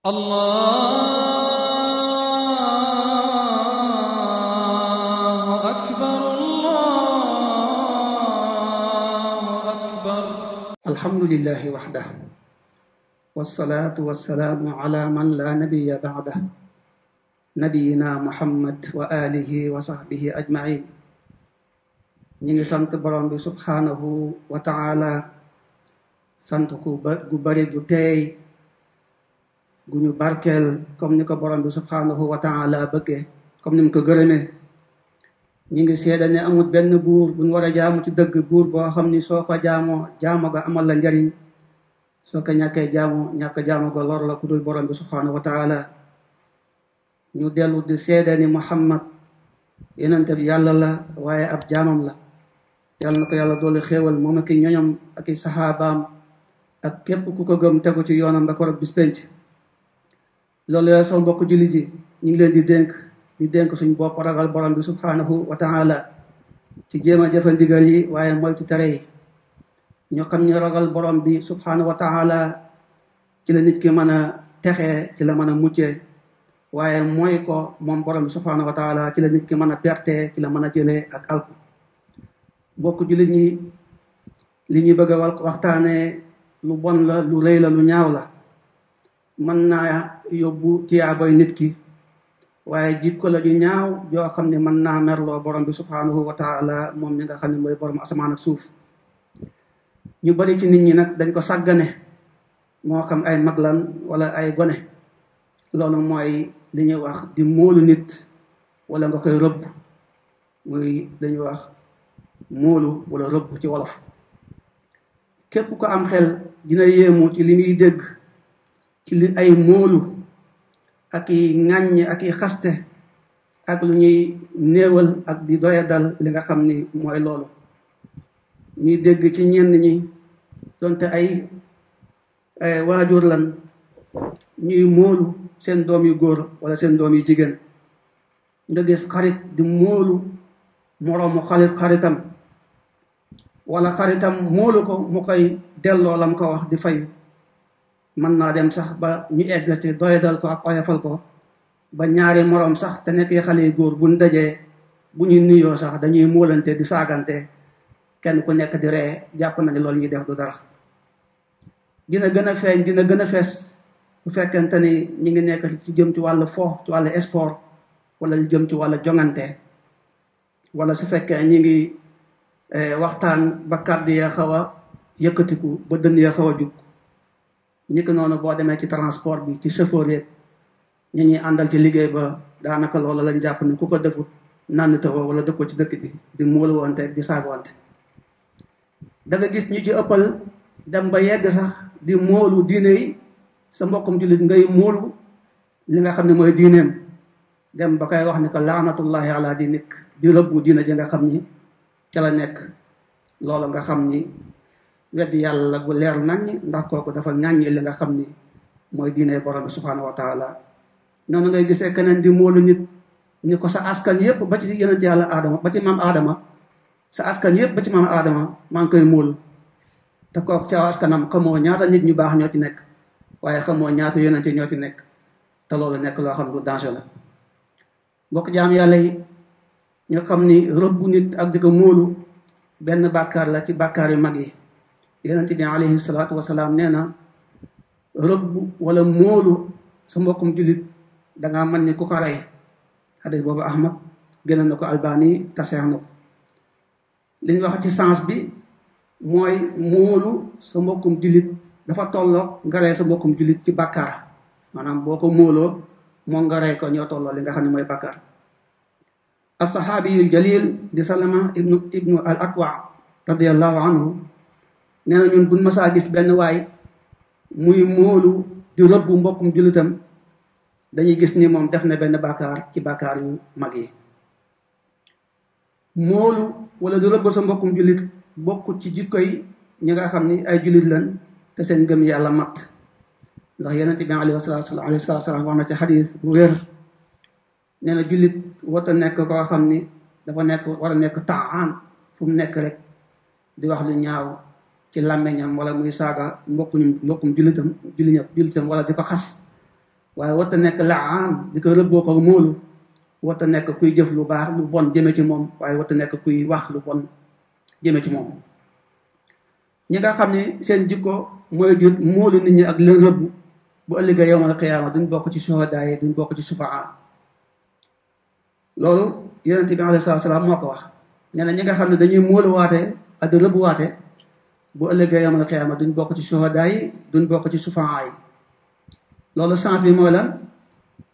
الله أكبر الله أكبر الحمد لله وحده والصلاة والسلام على من لا نبي بعده نبينا محمد وآله وصحبه أجمعين ñi سانت sant سبحانه وتعالى سانت wa ta'ala sant gu ñu barkeel comme ni ko borom bi subhanahu wa taala bëggee comme ni mu ko gërëmee ñi ngi seede ne amul benn buur bu ñu war a jaamu ci dëgg buur boo xam ni soo ko jaamoo jaamu ga amal la njariñ soo ko ñàkkee jaamu ñàkk jaamu ga lor la ku dul borom bi subhanahu wa ñu dellu di seede ni muhammad yenente yàlla la waaye ab jaamam la yàlla na ko yàlla doole xéewal moom ak i ñoñom ak i saxaabaam ak képp ku ko gëm tegu ci yoonam ba ko rob bis loolu yooyu sama mbokk julli ji ñu ngi leen di dénk di dénk suñ bopp ragal borom bi subhanahu wa taala ci jéem digali, jëfe ndigal yi waaye ci tere yi ñu xam ñu ragal borom bi subhanahu wa taala ci la nit ki mën a texee ci la mën a muccee waaye mooy ko moom borom bi subhanahu wa taala ci la nit ki mën a perte ci la mën a jëlee ak alku bokk julli ñi li ñuy bëgg waxtaanee lu bon la lu rëy la lu ñaaw la mën naa yóbbu tiyaaboy nit ki waaye jikko la ju ñaaw joo xam ne mën naa merloo borom bi subhaanahu wa taala moom mi nga xam ne mooy borom asamaan ak suuf ñu bari ci nit ñi nag dañ ko sàggane moo xam ay mag lan wala ay gone loolu mooy li ñuy wax di móolu nit wala nga koy rëbb muy li ñuy wax móolu wala rëbb ci wolof képp ko am xel dina yéemu ci li muy ci li ay moolu aki i ŋàññe ak i xaste ak lu ñuy néewal ak di doya dal li nga xam ni mooy loolu ñuy dégg ci ñenn ñi donte ay waajur lan ñuy moolu seen doom yu góor wala seen doom yu jigéen nga gis xarit di moolu moroomu xarit xaritam wala xaritam moolu ko mu koy delloo lam ko wax di fayu man na dem sax ba ñu egg ci dal ko ak oyafal ko ba ñaari morom sax te nekk xalé goor buñ dajé buñu nuyo sax dañuy muulante di saagante kenn ku nekk di ree japp na ni lool ñi def du dara dina gëna feñ dina gëna fess fees bu fekkante ni ñi ngi nekk ci jëm ci walu fo ci walu sport wala lu jëm ci walu jongante wala su fekkee ñi ngi eh, waxtaan ba kàddu ya xawa a ku ba dënn ya xawa juk ni ko noonu boo ci transport bi ci chauffeur yëpp ñi ñi andal ci liggéey ba naka loolu lañ japp ni ku ko nan ta tawoo wala dëkkoo ci dëkk bi di mool wonte di wonte da nga gis ñu ci ëppal dem ba yegg sax di moolu diine yi sa mbokkum julit ngay moolu li nga moy dem ba kay wax ni ko laanatullahi ala dinik di rabbu diina ji nga xamni ci la nek loolu nga xamni weddi yàlla gu leer naññ ndax kooku dafa ñàññi la nga xam ni mooy diine borom bi subhaanahu wa taala noonu ngay gisee keneen di moolu nit ni ko sa askan yëpp ba ci yonent yàlla aadama ba ci aadama sa askan yëpp ba ci aadama maa mool te kooku ca askanam xamoo ñaata nit ñu baax ñoo ci nekk waaye xamoo ñaata yonent ñoo ci nekk te loolu nekk loo xam lu danger yàlla yi ñu xam ni rëbbu nit ak di ko benn bàkkaar la ci bàkkaar yu mag yi yonente bi alayhi salatu wasalaam salam na rëbb wala moolu sa mbokum julit da nga man ni ku ray hadith bobu ahmad gënal nako albani taseex liñ wax ci sens bi moy moolu sa mbokum julit dafa tollo nga rey sa mbokum julit ci bakkar manam boko ko mo moom nga rey ko ñoo tollo li nga moy bakkar as-sahabi al-jalil دي salama ibnu ibnu al-aqwa radiyallahu anhu nee na bu buñ masaa gis benn waay muy moolu di rëbbu mbokkum jullitam dañuy gis ni moom def na benn bàkkaar ci bàkkaar yu mag yi moolu wala di rëbb sa mbokkum jullit bokk ci jikko yi ñi nga xam ni ay jullit lan te seen gëm yàlla mat ndax yonente bi alayhi salaatu alayhi salaatu salaam wax na ci xadis bu wér nee na jullit nekk koo xam ni dafa nekk war a nekk taaan fu mu nekk rek di wax lu ñaaw ci làmmeñam wala muy saaga mbokkuñu mbokkum jullitam julliña jullitam wala di ko xas waaye warta nekk laan di ko rëbboo ko móolu warta nekk kuy jëf lu baax lu bon jëme ci moom waaye warta nekk kuy wax lu bon jëme ci moom ñi nga xam ne seen jikko mooy jur móolu nit ñi ak leen rëbb bu ëllëgee yowmal qiyaama duñ bokk ci suhadaa yi duñ bokk ci sufaa loolu yonent bi alayhi salaatu salaam moo ko wax nee na ñi nga xam ne dañuy móolu waate ak di rëbb waate bu ëllëgee yamal xiyaama duñ bokk ci suhadaa yi duñ bokk ci sufaa yi loolu sens bi mooy lan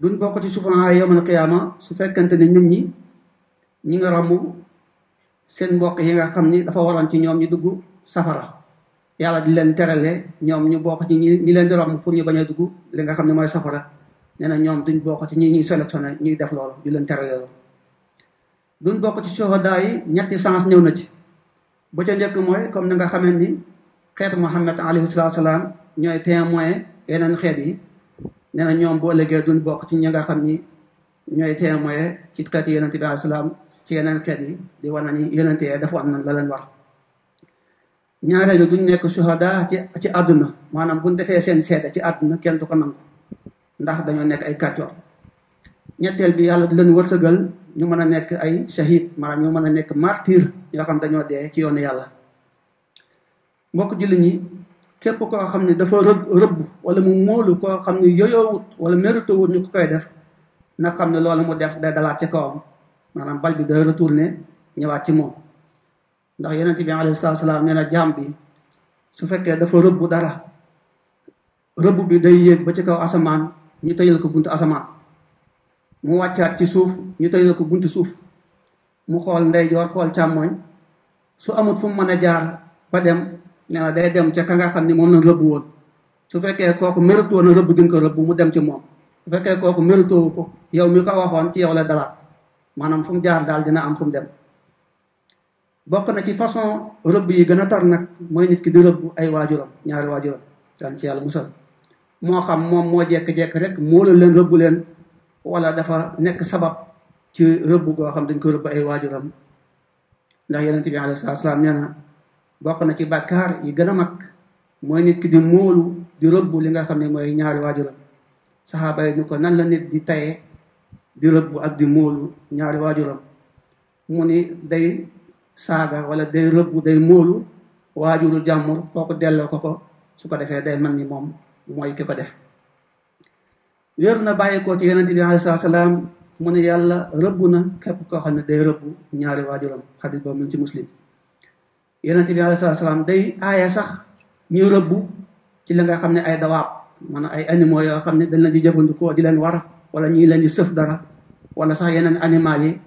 duñ bokk ci sufaa yi yamal xiyaama su fekkente ne nit ñi ñi nga romb seen mbokk yi nga xam ni dafa waroon ci ñoom ñu duggu safara yàlla di leen terale ñoom ñu bokk ci ñi leen di romb pour ñu bañ a li nga xam ne mooy safara nee na ñoom bokk ci ñi ñuy sélectionné ñuy def loolu di leen terale loolu duñ bokk ci suhadaa yi ñetti sens ñëw na ci bu ca njëkk mooy comme ni nga xamee ni xeetu Muhammad alayhi salaatu salaam ñooy témoin yeneen xeet yi nee ñoom boo ëllëgee duñ bokk ci ñi nga xam ni ñooy témoin ci xeetu yonent bi alayhi ci yeneen xeet yi di wana ni yonent yee dafa am na la leen war ñaareel bi nekk suhada ci ci àdduna maanaam buñ defee seen seede ci àdduna kenn du ko nangu ndax dañoo nekk ay kàccoor ñetteel bi yàlla du leen wërsëgal ñu mën a nekk ay shahid maanaam ñu mën a nekk martyr yoo xam dañoo dee ci yoonu yàlla mbokk julli ñi képp koo xam ne dafa rëbb rëbb wala mu molu koo xam ne yoyoowut wala wut ñu ko koy def na xam loolu mu def day dalaat ci kawam maanaam bal bi day retourné ñëwaat ci moom ndax yenente bi alayhi salatu salaam nee na jaam bi su fekkee dafa rëbb dara rëbb bi day yéeg ba ci kaw asamaan ñu tëyal ko buntu asamaan mu wàccaat ci suuf ñu tëjal ko buntu suuf mu xool ndeyjoor xool càmmooñ su amut fu mu mën a jaar ba dem nee na day dem ca ka nga xam ni moom la rëbb woon su fekkee kooku mérite woon na rëbb gën ko rëbb mu dem ci moom su fekkee kooku mérite wu ko yow mi ko waxoon ci yow la dalaat maanaam fu mu jaar daal dina am fu mu dem bokk na ci façon rëbb yi gën a tar nag mooy nit ki di rëbb ay waajuram ñaari waajuram daan ci yàlla musal moo xam moom moo jekk-jekk rek moo la leen leen wala dafa nekk sabab ci rëbb goo xam dañ ko rëbb ay waajuram ndax yeneen bi alayhi salaatu salaam nee na bokk na ci bàkkaar yi gën a mag mooy nit ki di móolu di rëbb li nga xam ne mooy ñaari waajuram saxaaba yi ni ko nan la nit di taye di rëbb ak di móolu ñaari waajuram mu ni day saaga wala day rëbb day móolu waajuru jàmmur kooku delloo ko ko su ko defee day mel ni moom mooy ki ko def wér na bàyyi ko ci yonente bi alei salatu salaam yàlla rëbb na képp koo xam ne day rëbb ñaari waajuram xadis boobu mu ci muslim yonente bi alei salatu salaam day aaya sax ñu rëbb ci la nga xam ne ay dawaab maanaam ay animaux yoo xam ne dañ leen di jëfandikoo di leen war wala ñii leen di sëf dara wala sax yeneen animal yi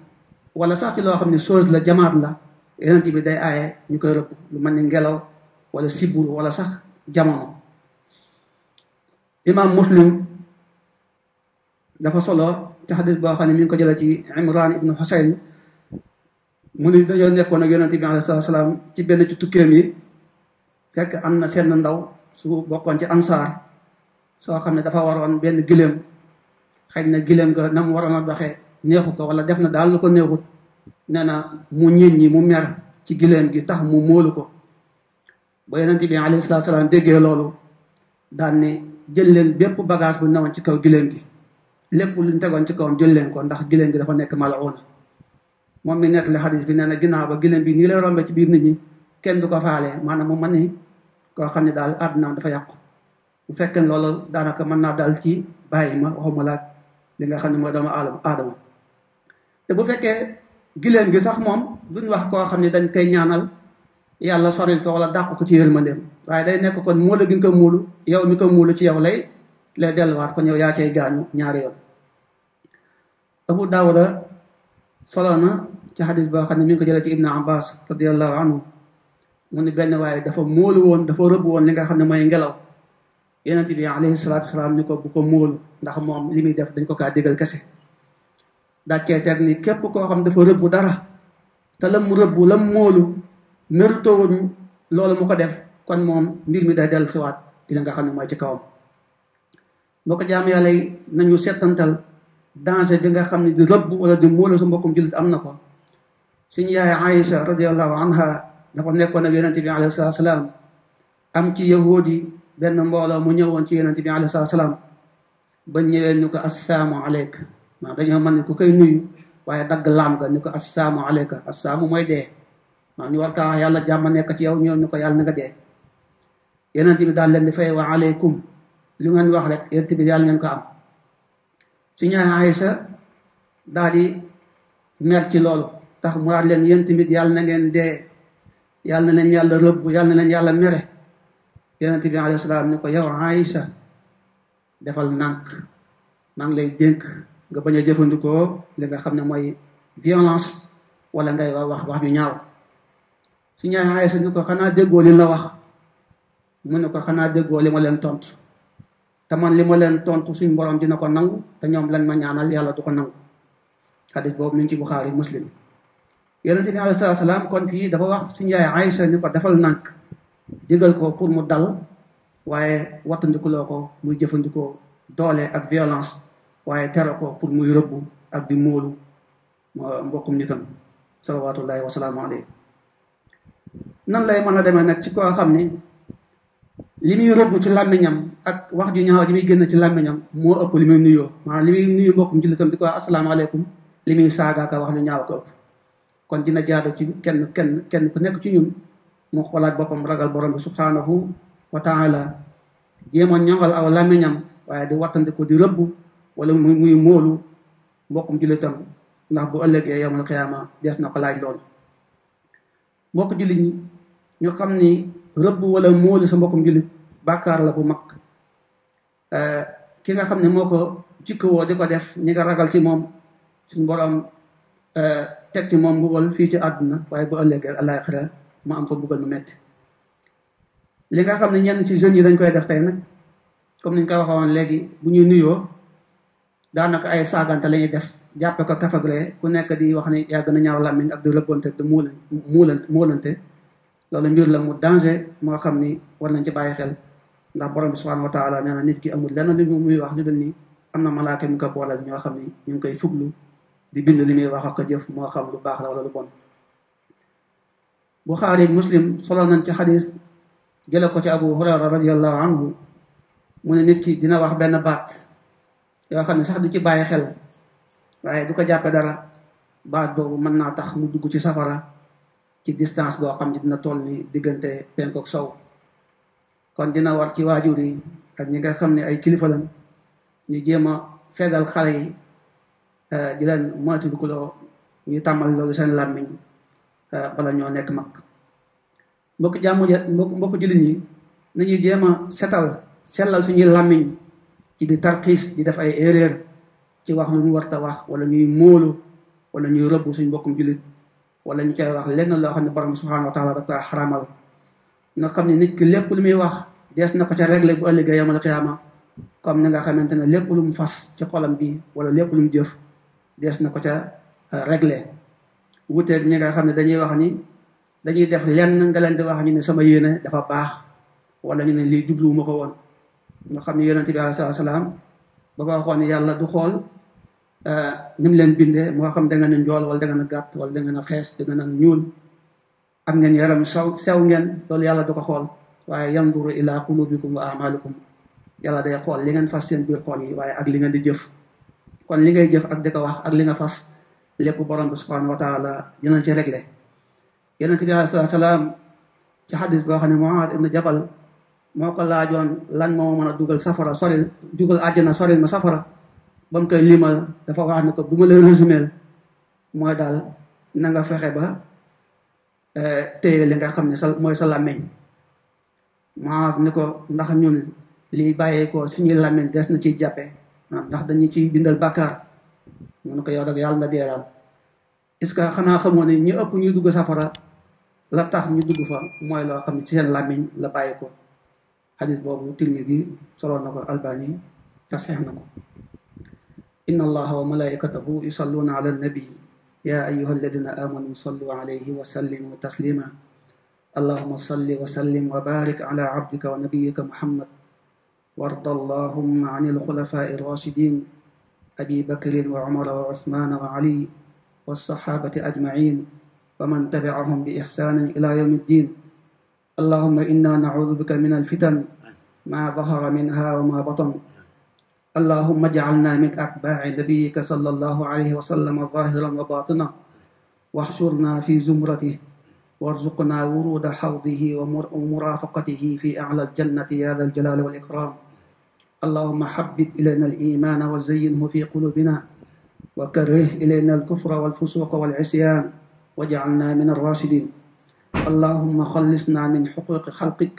wala sax ci loo xam ne chose la jamaat la yonente bi day aaye ñu koy rëbb lu mel ni ngelaw wala sibur wala sax jamono imam muslim dafa solo ci xadis boo xam ne mi ko jëlee ci Imran ibnu Xusayn mu ni dañoo nekkoon a yonente bi alayhi ci benn ci yi fekk am na seen ndaw su bokkoon ci ansaar soo xam ne dafa waroon benn giléem xëy na giléem ga na waroon a doxee neexu ko wala def na daal lu ko neexut nee na mu ñit ñi mu mer ci giléem gi tax mu moolu ko ba yonente bi alayhi salaatu salaam déggee loolu daal ne jël leen bépp bagage bu newoon ci kaw giléem gi lépp luñ tegoon ci kaw jël leen ko ndax giléem gi dafa nekk mal'una moom mi nekk la xadis bi nee na ginnaaw ba giléem bi nii lay rombe ci biir nit ñi kenn du ko faalee maanaam mu mën ni koo xam ne daal àddinaam dafa yàqu bu fekkee ne daanaka mën naa dal ci bàyyi ma waxuma li nga xam ne mooy doomu aadama te bu fekkee giléem gi sax moom duñ wax koo xam ne dañ koy ñaanal yàlla soril ko wala dàq ko ci yërmandeem waaye day nekk kon muulu gi nga muulu yow mi ka muulu ci yow lay lay delluwaat kon yow yaa cay gaañu ñaar yoon Abu Dawuda solo na ci hadith ba xamne mi ko jël ci Ibn Abbas radiyallahu anhu mu ni ben waaye dafa mool won dafa rebb won li nga xamne moy mooy ngelaw yenent bi alayhi salatu ni ko bu ko mool ndax mom limi def dañ ko degal digal kese ci tek ni kep ko xamne dafa rebb dara ta lam rebb lam merto won loolu mu ko def kon mom mbir mi da del ci wat nga xamne moy ci kawam jam yalla nañu setantal danger bi nga xam ne di rëbb wala di muula sa mbokkum jullit am na ko suñ yaay aïcha radiallahu anha dafa nekkoon ak yonente bi alayhi salatu salaam am ci yahudi benn mbooloo mu ñëwoon ci yonente bi alayhi salatu salaam ba ñëwee ñu ko assaamu aleyk maanaam dañoo mën ne ku koy nuyu waaye dagg laam ga ñu ko assaamu aleyka assaamu mooy dee maanaam ñu war kaa yàlla jàmm nekk ci yow ñëw ñu ko yàlla nga dee yonente bi daal leen di fay wa aleykum lu ngeen wax rek yonente bi yàlla ngeen ko am suñu Aysa daal di merci ci loolu tax mu daal leen yéen tamit yàlla na ngeen dee yàlla na leen yàlla rëbb yàlla na leen yàlla mere yonente bi alayhi salaam ni ko yow Aysa defal nànk maa lay dénk nga bañ a jëfandikoo li nga xam ne mooy violence wala ngay wax wax ju ñaaw suñu Aysa ni ko xanaa déggoo li la wax mu ne ko xanaa déggoo li ma leen tontu te man li ma leen tontu suñ borom dina ko nangu te ñoom lañ ma ñaanal yàlla du ko nangu xadis boobu mi ngi ci buxaari muslim yonente bi alayhi salaatu salaam kon fii dafa wax suñu yaay Aïcha ni ko defal nànk digal ko pour mu dal waaye wattandikuloo ko muy jëfandikoo doole ak violence waaye tere ko pour muy rëbbu ak di móolu mbokkum nitam salawatullahi wasalaamu aleykum nan lay mën a demee nag ci koo xam ni limi muy rëbb ci lamiñam ak wax ju ñaaw ji mi nuyo ci limi nuyo ëpp limi nuyo nuyoo limi nuyo muy ci mbokkum jullitam di ko ken asalaamaaleykum li muy saagaaka wax lu ñaaw ko kon dina jaadu ci kenn kenn kenn ku nekk ci ñun mu xolaat boppam ragal borom subhanahu wa taala jema ñongal aw lamiñam waye di ko di rëbb wala muy muy móolu ci jullitam ndax bu ëllëgee yawmul qiyamah dess na ko laaj lool mbokk jullit ñu xamni wala sa mbokkum bakaar la bu mag euh, ki nga xam ne moo ko jikkowoo di ko def ñi nga ragal ci moom suñ boroom euh, teg ci moom mbugal fii ci àdduna waaye bu ëllëgee àllaaxira mu am fa mbugal mu metti li nga xam ne ñenn ci jeunes yi dañ koy def tey nag comme niñ koy waxoon léegi bu ñuy nuyoo daanaka ay saagante la def jàppe ko kafagree ku nekk di wax ni yaa gën a ñaaw làmmiñ ak di rëbbante di muulan muulan muulante loolu mbir la mu danger moo xam ni war nañ ci bàyyi xel ndax borom bi subhanahu wa taala nee na nit ki amul lenn li muy wax lu dul ni am na malaaka mi ko boolal ñoo xam ni ñu ngi koy fuglu di bind li muy wax ak ko jëf moo xam lu baax la wala lu bon bukhari muslim solo nañ ci hadith jële ko ci abu hurayra radiyallahu anhu mu ne nit ki dina wax benn baat yoo xam ne sax du ci bàyyi xel waaye du ko jàppe dara baat boobu mën naa tax mu dugg ci safara ci distance boo xam ne dina toll ni diggante sow kon dina war ci waajur yi ak ñi nga xam ne ay kilifa lañ ñu jéem a fegal xale yi euh, di leen moytandikuloo ñu tàmmal loolu seen làmmiñ euh, bala ñoo nekk mag mbokk jàmm ja mbokku mbokk jullit ñi nañuy jéem setal selal suñu làmmiñ ci di tarxiis di def ay erreur ci wax lu ñu warta wax wala ñuy móolu wala ñuy rëbb suñ mbokkum jullit wala ñu koy wax lenn loo xam ne borom subhanahu wa taala daf xaramal nga xam ne nit ki lépp lu muy wax des na ko ca réglé bu ëllëgee yamal xiyaama comme ni nga xamante ne lépp lu mu fas ci xolam bi wala lépp lu jëf des na ko ca euh, réglé wuteeg ñi nga xam ne dañuy wax ni dañuy def lenn nga leen di wax ni sama yéene dafa baax wala ñu ne lii jubluwuma ko woon nga xam ne yonente bi alayhi salaam ba ko waxoon ne yàlla du xool euh, ni mu leen bindee moo xam da nga ne njool wala da nga gàtt wala da nga ne xees da nga ñuul am ngeen yaram saw sew ngeen loolu yàlla du ko xool waaye yanduru ila qulubikum wa amalikum yàlla day xool li ngeen fas seen biir xool yi waaye ak li ngeen di jëf kon li ngay jëf ak di ko wax ak li nga fas lépp borom bi subhanahu wa taala dinañ ci réglé yonente bi alayhi salaam ci xadis boo xam ne Muaad ibn Jabal moo ko laajoon lan moo dugal safara soril dugal àjjana soril ma safara ba mu limal dafa wax ne ko bu ma la résumeel mooy daal na fexe ba te li nga xam ne sa mooy sa làmmiñ maas ni ko ndax ñun lii bàyyeekoo suñuy làmmiñ des na ciy jàppe ndax dañu ciy bindal bàkkaar mu ne ko yow dag yàlla nga deeral est-ce que xanaa xamoo ne ñu ëpp ñuy dugg safara la tax ñu dugg fa mooy loo xam ne ci seen làmmiñ la bàyyi ko xadis boobu Tirmidi soloon na ko Albani saxeex na ko inna allaha wa malaikatahu yusalluuna ala nabi يا أيها الذين آمنوا صلوا عليه وسلموا تسليما اللهم صل وسلم وبارك على عبدك ونبيك محمد وارض اللهم عن الخلفاء الراشدين أبي بكر وعمر وعثمان وعلي والصحابة أجمعين ومن تبعهم بإحسان إلى يوم الدين اللهم إنا نعوذ بك من الفتن ما ظهر منها وما بطن اللهم اجعلنا من أتباع نبيك صلى الله عليه وسلم ظاهرا وباطنا واحشرنا في زمرته وارزقنا ورود حوضه ومرافقته في أعلى الجنة يا ذا الجلال والإكرام اللهم حبب إلينا الإيمان وزينه في قلوبنا وكره إلينا الكفر والفسوق والعصيان واجعلنا من الراشدين اللهم خلصنا من حقوق خلقك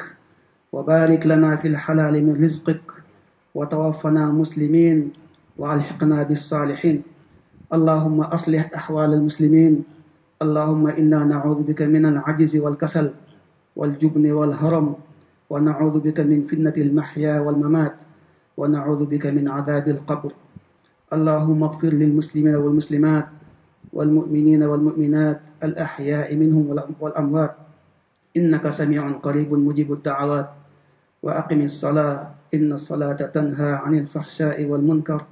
وبارك لنا في الحلال من رزقك وتوفنا مسلمين والحقنا بالصالحين اللهم اصلح احوال المسلمين اللهم انا نعوذ بك من العجز والكسل والجبن والهرم ونعوذ بك من فتنه المحيا والممات ونعوذ بك من عذاب القبر اللهم اغفر للمسلمين والمسلمات والمؤمنين والمؤمنات الاحياء منهم والاموات انك سميع قريب مجيب الدعوات واقم الصلاه إن الصلاة تنهى عن الفحشاء والمنكر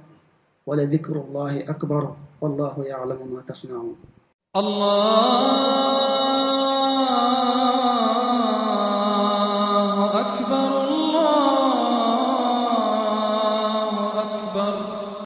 ولذكر الله أكبر والله يعلم ما تصنعون الله